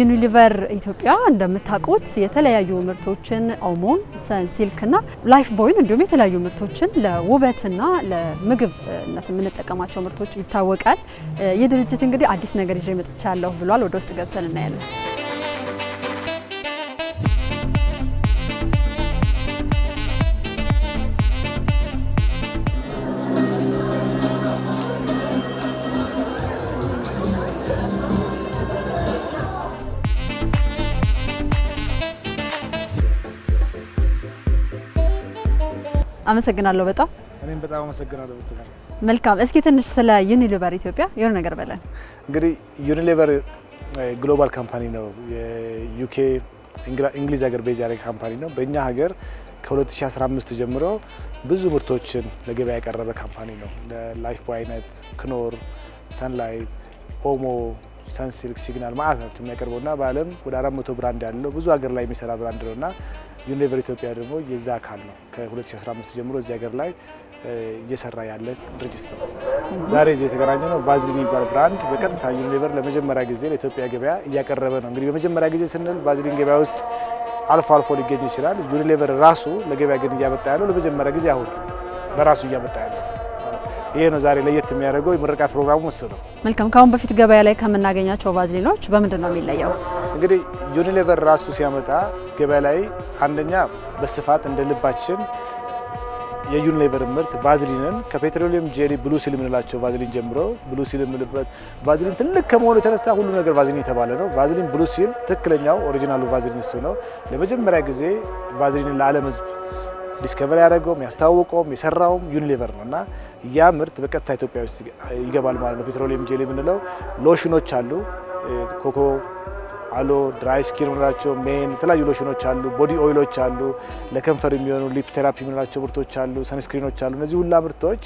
ዩኒሊቨር ኢትዮጵያ እንደምታውቁት የተለያዩ ምርቶችን ኦሞን፣ ሰንሲልክና ላይፍ ቦይን እንዲሁም የተለያዩ ምርቶችን ለውበትና ለምግብነት የምንጠቀማቸው ምርቶች ይታወቃል። ይህ ድርጅት እንግዲህ አዲስ ነገር ይዤ መጥቻለሁ ብሏል። ወደ ውስጥ ገብተን እናያለን። አመሰግናለሁ በጣም እኔም በጣም አመሰግናለሁ ብርቱካን። መልካም እስኪ ትንሽ ስለ ዩኒሊቨር ኢትዮጵያ የሆነ ነገር በለን። እንግዲህ ዩኒሊቨር ግሎባል ካምፓኒ ነው። የዩኬ እንግሊዝ ሀገር ቤዝ ያደረገ ካምፓኒ ነው። በእኛ ሀገር ከ2015 ጀምሮ ብዙ ምርቶችን ለገበያ ያቀረበ ካምፓኒ ነው። ለላይፍ ቦይ አይነት፣ ክኖር፣ ሰንላይት፣ ኦሞ፣ ሰንሲልክ፣ ሲግናል ማለት ናቸው የሚያቀርበው እና በዓለም ወደ 400 ብራንድ ያለው ብዙ ሀገር ላይ የሚሰራ ብራንድ ነው እና ዩኒቨር ኢትዮጵያ ደግሞ የዛ አካል ነው። ከ2015 ጀምሮ እዚህ ሀገር ላይ እየሰራ ያለ ድርጅት ነው። ዛሬ እዚህ የተገናኘ ነው። ቫዝሊን የሚባል ብራንድ በቀጥታ ዩኒቨር ለመጀመሪያ ጊዜ ለኢትዮጵያ ገበያ እያቀረበ ነው። እንግዲህ በመጀመሪያ ጊዜ ስንል ቫዝሊን ገበያ ውስጥ አልፎ አልፎ ሊገኝ ይችላል። ዩኒሊቨር ራሱ ለገበያ ግን እያመጣ ያለው ለመጀመሪያ ጊዜ አሁን በራሱ እያመጣ ያለው ይሄ ነው ዛሬ ለየት የሚያደርገው። የምርቃት ፕሮግራሙ መስ ነው። መልካም። ከአሁን በፊት ገበያ ላይ ከምናገኛቸው ቫዝሊኖች በምንድን ነው የሚለየው? እንግዲህ ዩኒሌቨር ራሱ ሲያመጣ ገበያ ላይ አንደኛ በስፋት እንደ ልባችን የዩኒሌቨር ምርት ቫዝሊንን ከፔትሮሊየም ጄሊ ብሉ ሲል የምንላቸው ቫዝሊን ጀምሮ ብሉ ሲል የምንልበት ቫዝሊን ትልቅ ከመሆኑ የተነሳ ሁሉ ነገር ቫዝሊን የተባለ ነው። ቫዝሊን ብሉ ሲል ትክክለኛው ኦሪጂናሉ ቫዝሊን እሱ ነው። ለመጀመሪያ ጊዜ ቫዝሊንን ለዓለም ሕዝብ ዲስከቨር ያደረገውም ያስታወቀውም የሰራውም ዩኒሌቨር ነው እና ያ ምርት በቀጥታ ኢትዮጵያ ውስጥ ይገባል ማለት ነው። ፔትሮሊየም ጄሊ የምንለው ሎሽኖች አሉ ኮኮ አሎ ድራይ ስኪን የምንላቸው ሜን የተለያዩ ሎሽኖች አሉ፣ ቦዲ ኦይሎች አሉ፣ ለከንፈር የሚሆኑ ሊፕ ቴራፒ የምንላቸው ምርቶች አሉ፣ ሰንስክሪኖች አሉ። እነዚህ ሁላ ምርቶች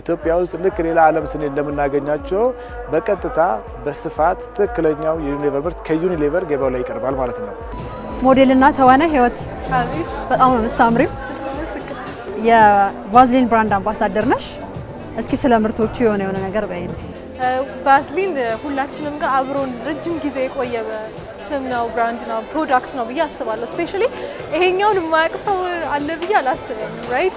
ኢትዮጵያ ውስጥ ልክ ሌላ ዓለም ስን እንደምናገኛቸው በቀጥታ በስፋት ትክክለኛው የዩኒሌቨር ምርት ከዩኒሌቨር ገበያው ላይ ይቀርባል ማለት ነው። ሞዴልና ተዋና ህይወት በጣም ነው የምታምሪው። የቫዝሊን ብራንድ አምባሳደር ነሽ። እስኪ ስለ ምርቶቹ የሆነ የሆነ ነገር በይ። ቫዝሊን ሁላችንም ጋር አብሮን ረጅም ጊዜ የቆየ ስም ነው፣ ብራንድ ነው፣ ፕሮዳክት ነው ብዬ አስባለሁ። ስፔሻሊ ይሄኛውን የማያውቅ ሰው አለ ብዬ አላስብም። ራይት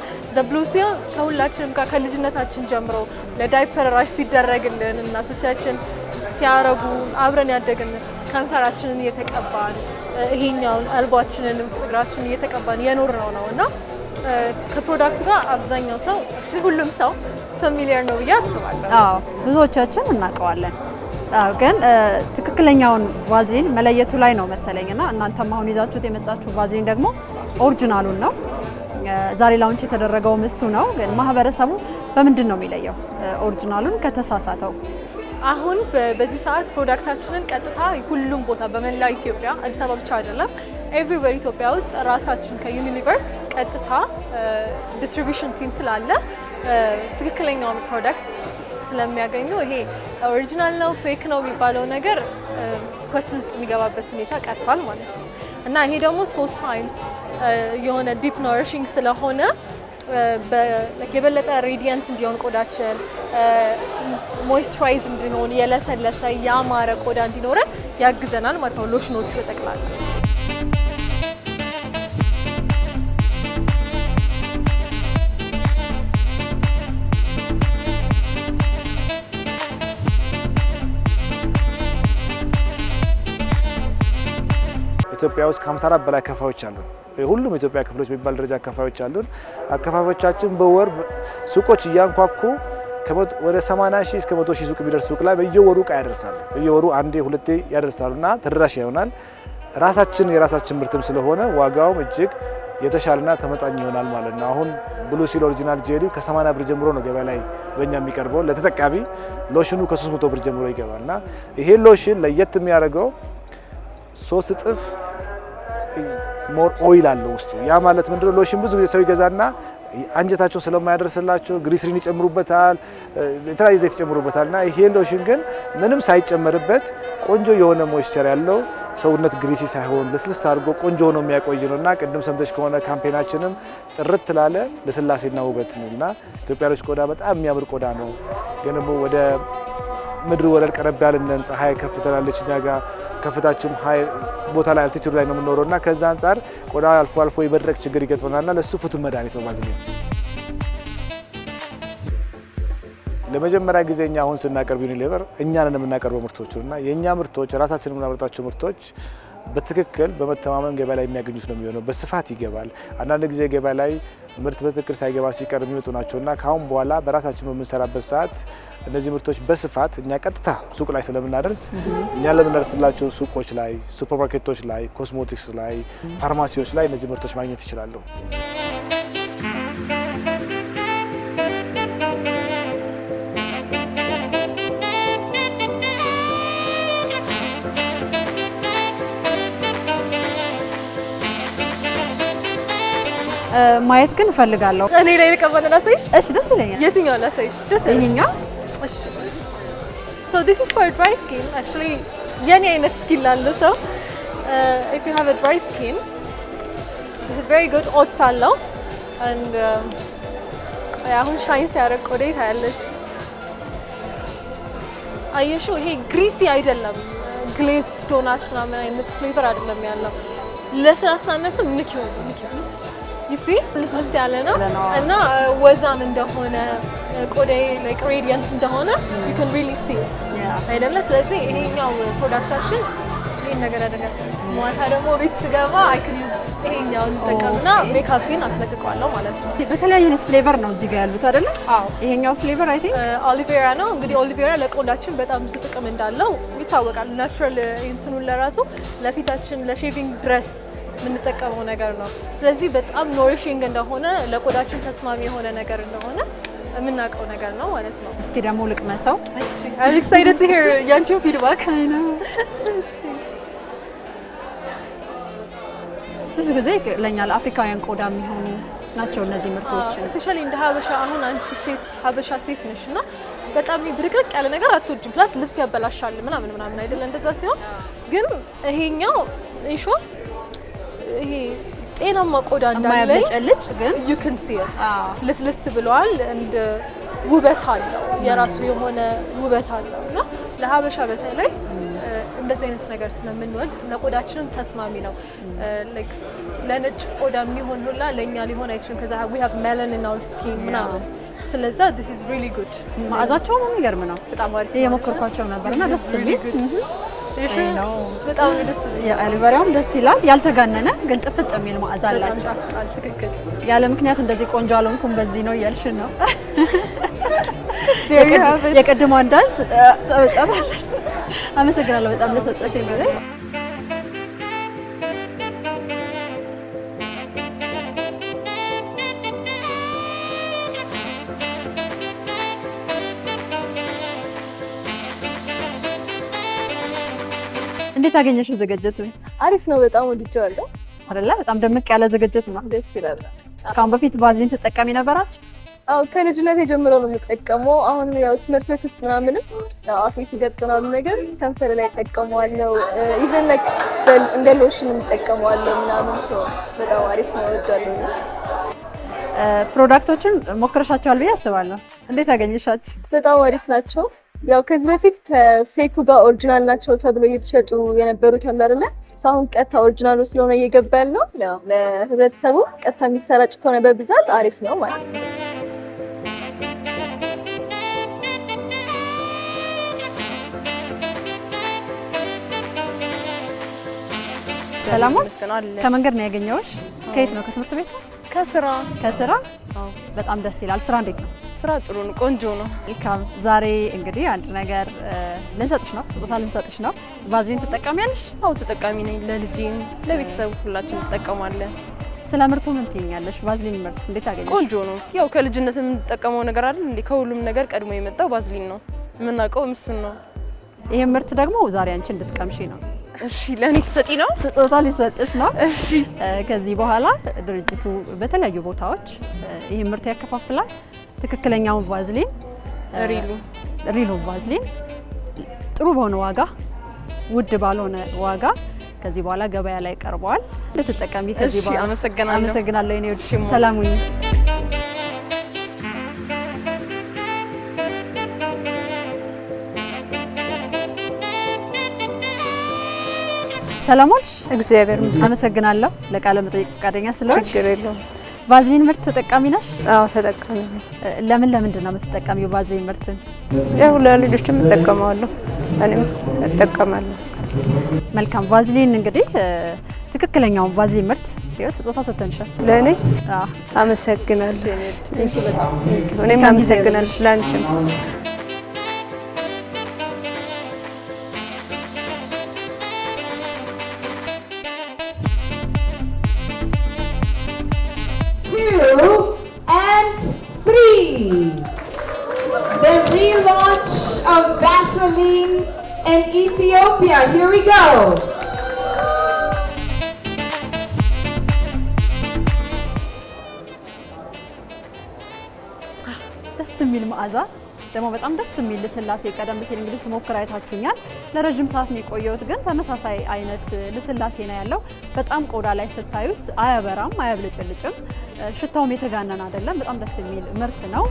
ብሉ ሲል ከሁላችንም ጋር ከልጅነታችን ጀምሮ ለዳይፐር ራሽ ሲደረግልን እናቶቻችን ሲያረጉ አብረን ያደግን ከንፈራችንን እየተቀባን ይሄኛውን አልቧችንን ውስጥ እግራችንን እየተቀባን የኖር ነው ነው እና ከፕሮዳክቱ ጋር አብዛኛው ሰው ሁሉም ሰው ፋሚሊየር ነው ብዬ አስባለሁ። አዎ ብዙዎቻችን እናውቀዋለን። አዎ ግን ትክክለኛውን ቫዝሊን መለየቱ ላይ ነው መሰለኝ እና እናንተም አሁን ይዛችሁት የመጣችሁ ቫዝሊን ደግሞ ኦሪጂናሉን ነው። ዛሬ ላውንች የተደረገው እሱ ነው። ግን ማህበረሰቡ በምንድን ነው የሚለየው ኦሪጂናሉን ከተሳሳተው? አሁን በዚህ ሰዓት ፕሮዳክታችንን ቀጥታ ሁሉም ቦታ በመላው ኢትዮጵያ አዲስ አበባ ብቻ አይደለም ኤቭሪዌር ኢትዮጵያ ውስጥ ራሳችን ከዩኒሊቨር ቀጥታ ዲስትሪቢሽን ቲም ስላለ ትክክለኛውን ፕሮዳክት ስለሚያገኙ ይሄ ኦሪጂናል ነው ፌክ ነው የሚባለው ነገር ኮስን ውስጥ የሚገባበት ሁኔታ ቀርቷል ማለት ነው እና ይሄ ደግሞ ሶስት ታይምስ የሆነ ዲፕ ኖሪሽንግ ስለሆነ የበለጠ ሬዲየንት እንዲሆን ቆዳችን ሞይስቸራይዝ እንዲሆን የለሰለሰ ያማረ ቆዳ እንዲኖረን ያግዘናል ማለት ነው ሎሽኖቹ በጠቅላላ ኢትዮጵያ ውስጥ ከ54 በላይ ከፋዮች አሉ። ሁሉም ኢትዮጵያ ክፍሎች የሚባል ደረጃ ከፋዮች አሉን። አከፋፋዮቻችን በወር ሱቆች እያንኳኩ ወደ 80 ሺህ እስከ 100 ሺህ ሱቅ የሚደርስ ሱቅ ላይ በየወሩ እቃ ያደርሳሉ። በየወሩ አንዴ ሁለቴ ያደርሳሉና ተደራሽ ይሆናል። ራሳችን የራሳችን ምርትም ስለሆነ ዋጋውም እጅግ የተሻለና ተመጣኝ ይሆናል ማለት ነው። አሁን ብሉ ሲል ኦሪጂናል ጄሊ ከ80 ብር ጀምሮ ነው ገበያ ላይ በእኛ የሚቀርበው ለተጠቃሚ። ሎሽኑ ከ300 ብር ጀምሮ ይገባልና ይሄ ሎሽን ለየት የሚያደርገው ሶስት እጥፍ ሞር ኦይል አለው ውስጡ። ያ ማለት ምንድነው? ሎሽን ብዙ ጊዜ ሰው ይገዛና አንጀታቸው ስለማያደርስላቸው ግሪስሪን ይጨምሩበታል፣ የተለያየ ዘይት ይጨምሩበታል። እና ይሄ ሎሽን ግን ምንም ሳይጨመርበት ቆንጆ የሆነ ሞይስቸር ያለው ሰውነት ግሪሲ ሳይሆን ልስልስ አድርጎ ቆንጆ ሆኖ የሚያቆይ ነው እና ቅድም ሰምተች ከሆነ ካምፔናችንም ጥርት ላለ ለስላሴና ውበት ነው እና ኢትዮጵያኖች ቆዳ በጣም የሚያምር ቆዳ ነው። ግን ደግሞ ወደ ምድር ወለል ቀረብ ያልነን ፀሐይ ከፍ ትላለች እኛ ጋር ከፍታችን ቦታ ላይ አልቲቱድ ላይ ነው የምንኖረው እና ከዛ አንጻር ቆዳ አልፎ አልፎ የመድረቅ ችግር ይገጥመናል እና ለእሱ ፍቱን መድኃኒት ነው ባዝሊን። ለመጀመሪያ ጊዜ እኛ አሁን ስናቀርብ ዩኒሌቨር እኛንን የምናቀርበው ምርቶቹን እና የእኛ ምርቶች ራሳችን የምናመርጣቸው ምርቶች በትክክል በመተማመን ገበያ ላይ የሚያገኙት ነው የሚሆነው። በስፋት ይገባል። አንዳንድ ጊዜ ገበያ ላይ ምርት በትክክል ሳይገባ ሲቀር የሚመጡ እና ከአሁን በኋላ በራሳችን በምንሰራበት ሰዓት እነዚህ ምርቶች በስፋት እኛ ቀጥታ ሱቅ ላይ ስለምናደርስ እኛ ለምናደርስላቸው ሱቆች ላይ፣ ሱፐርማርኬቶች ላይ፣ ኮስሞቲክስ ላይ፣ ፋርማሲዎች ላይ እነዚህ ምርቶች ማግኘት ይችላሉ። ማየት ግን እፈልጋለሁ። እኔ ላይ ልቀባና ላሳይሽ? እሺ፣ ደስ ይለኛል። የትኛው ላሳይሽ? ደስ ይለኛል። እሺ። So this is for dry skin. Actually የኔ አይነት ስኪን ላለ ሰው if you have a dry skin this is very good oats አለው and አሁን ሻይን ሲያደርግ ቆዴ ታያለሽ። አየሽው? ይሄ ግሪሲ አይደለም፣ ግሌዝድ ዶናት ምናምን አይነት ፍሌቨር አይደለም ያለው ለስላሳነቱ ምንኪው ምንኪው ይፊ mm-hmm. ልስልስ ያለ ነው እና ወዛም እንደሆነ ቆዳዬ ሬዲየንት እንደሆነ አይደለ። ስለዚህ ይሄኛው ፕሮዳክታችን ይሄን ነገር ያደርጋል። ማታ ደግሞ ቤት ስገባ ይሄኛውን ሜካፕን አስለቅቀዋለሁ ማለት ነው። በተለያየ አይነት ፍሌቨር ነው እዚህ ጋር ያሉት አይደለ? ይሄኛው ፍሌቨር አይ ቲንክ ኦሊቬራ ነው። እንግዲህ ኦሊቬራ ለቆዳችን በጣም ብዙ ጥቅም እንዳለው ይታወቃል። ናቹራል እንትኑን ለራሱ ለፊታችን ለሼቪንግ ድረስ የምንጠቀመው ነገር ነው። ስለዚህ በጣም ኖሪሽንግ እንደሆነ ለቆዳችን ተስማሚ የሆነ ነገር እንደሆነ የምናውቀው ነገር ነው ማለት ነው። እስኪ ደግሞ ልቅመሰው። ኤክሳይትድ ሄር ያንቺን ፊድባክ። ብዙ ጊዜ ለእኛ ለአፍሪካውያን ቆዳ የሚሆኑ ናቸው እነዚህ ምርቶች እስፔሻሊ እንደ ሀበሻ። አሁን አንቺ ሴት ሀበሻ ሴት ነሽ እና በጣም ብርቅርቅ ያለ ነገር አትወጂም፣ ፕላስ ልብስ ያበላሻል ምናምን ምናምን አይደለ? እንደዛ ሲሆን ግን ይሄኛው ኢንሾ ይሄ ጤናማ ቆዳ እንዳለኝ ግን ዩ ክን ሲ ኢት ልስልስ ብለዋል። እንደ ውበት አለው የራሱ የሆነ ውበት አለው እና ለሀበሻ በተለይ እንደዚህ አይነት ነገር ስለምንወድ ለቆዳችንም ተስማሚ ነው። uh, ለነጭ ቆዳ የሚሆን ሁላ ለእኛ ሊሆን አይችልም። ከዛ ዊ ሃቭ ሜላኒን አወር ስኪን ምናምን ስለዛ this is really ጉድ። መዓዛቸው የሚገርም ነው። በጣም አሪፍ የሞከርኳቸው ነበርና ደስ የሚል አልበሪያውም ደስ ይላል። ያልተጋነነ ግን ጥፍጥ የሚል መዓዛ አላቸው። ያለ ምክንያት እንደዚህ ቆንጆ አልሆንኩም በዚህ ነው እያልሽን ነው። የቅድሟን ዳንስ ጨርሳለች። አመሰግናለሁ በጣም ለሰጠሽኝ ጊዜ። እንዴት አገኘሽው ዝግጅቱን? አሪፍ ነው፣ በጣም ወድጄዋለሁ። አይደለ? በጣም ደምቅ ያለ ዝግጅት ነው፣ ደስ ይላል። ከአሁን በፊት ቫዝሊን ትጠቀሚ ነበራች? አዎ ከልጅነት የጀምረው ነው የምጠቀመው። አሁን ያው ትምህርት ቤት ውስጥ ምናምንም አፌ ሲደርቅ ምናምን ነገር ከንፈር ላይ እጠቀመዋለሁ። ኢቨን ላይክ እንደ ሎሽን እጠቀመዋለሁ ምናምን። ሰው በጣም አሪፍ ነው ወዳለሁ። ፕሮዳክቶችን ሞክረሻቸዋል ብዬ አስባለሁ። እንዴት አገኘሻቸው? በጣም አሪፍ ናቸው። ያው ከዚህ በፊት ከፌኩ ጋር ኦሪጂናል ናቸው ተብሎ እየተሸጡ የነበሩት አሉ አይደለ? አሁን ቀጥታ ኦሪጂናሉ ስለሆነ እየገባ ያለው ለህብረተሰቡ ቀጥታ የሚሰራጭ ከሆነ በብዛት አሪፍ ነው ማለት ነው። ሰላም ከመንገድ ነው ያገኘሁሽ። ከየት ነው? ከትምህርት ቤት ከስራ። ከስራ በጣም ደስ ይላል። ስራ እንዴት ነው? ስራ ጥሩ ነው፣ ቆንጆ ነው። መልካም። ዛሬ እንግዲህ አንድ ነገር ልንሰጥሽ ነው፣ ስጦታ ልንሰጥሽ ነው። ቫዝሊን ትጠቀሚያለሽ? አዎ ተጠቃሚ ነኝ። ለልጄም ለቤተሰቡ ሁላችን እንጠቀማለን። ስለ ምርቱ ምን ትይኛለሽ? ቫዝሊን ምርት እንዴት አገኘሽ? ቆንጆ ነው። ያው ከልጅነት የምንጠቀመው ነገር አይደል እንዴ? ከሁሉም ነገር ቀድሞ የመጣው ቫዝሊን ነው። የምናውቀው እሱን ነው። ይሄ ምርት ደግሞ ዛሬ አንቺ እንድትቀምሺ ነው። እሺ ለኔ ትሰጪ ነው? ስጦታ ሊሰጥሽ ነው። እሺ ከዚህ በኋላ ድርጅቱ በተለያዩ ቦታዎች ይሄ ምርት ያከፋፍላል። ትክክለኛውን ቫዝሊን ሪሉ ቫዝሊን ጥሩ በሆነ ዋጋ ውድ ባልሆነ ዋጋ ከዚህ በኋላ ገበያ ላይ ቀርበዋል። ልትጠቀሚ ከዚህ በኋላ አመሰግናለሁ። እኔ ወድሽ ሰላም ሁኚ። ሰላም ዋልሽ። እግዚአብሔር ይመስገን። አመሰግናለሁ ለቃለ መጠይቅ ፈቃደኛ ስለሆንሽ። ችግር የለውም። ቫዝሊን ምርት ተጠቃሚ ነሽ? አዎ ተጠቃሚ ነኝ። ለምን ለምንድን ነው የምትጠቀሚው ቫዝሊን ምርትን? ያው ለልጆችም እጠቀማለሁ እኔም እጠቀማለሁ። መልካም ቫዝሊን እንግዲህ ትክክለኛውን ቫዝሊን ምርት ቢወስ ስጦታ ሰጥተንሻል። ለእኔ አመሰግናለሁ። እኔም አመሰግናለሁ ለአንቺም Ethiopia. Here we go. ደስ የሚል መዓዛ ደግሞ በጣም ደስ የሚል ልስላሴ። ቀደም ሲል እንግዲህ ስሞክር አይታችሁኛል። ለረዥም ሰዓት ነው የቆየሁት፣ ግን ተመሳሳይ አይነት ልስላሴ ነው ያለው። በጣም ቆዳ ላይ ስታዩት አያበራም፣ አያብለጭልጭም። ሽታውም የተጋነን አይደለም። በጣም ደስ የሚል ምርት ነው።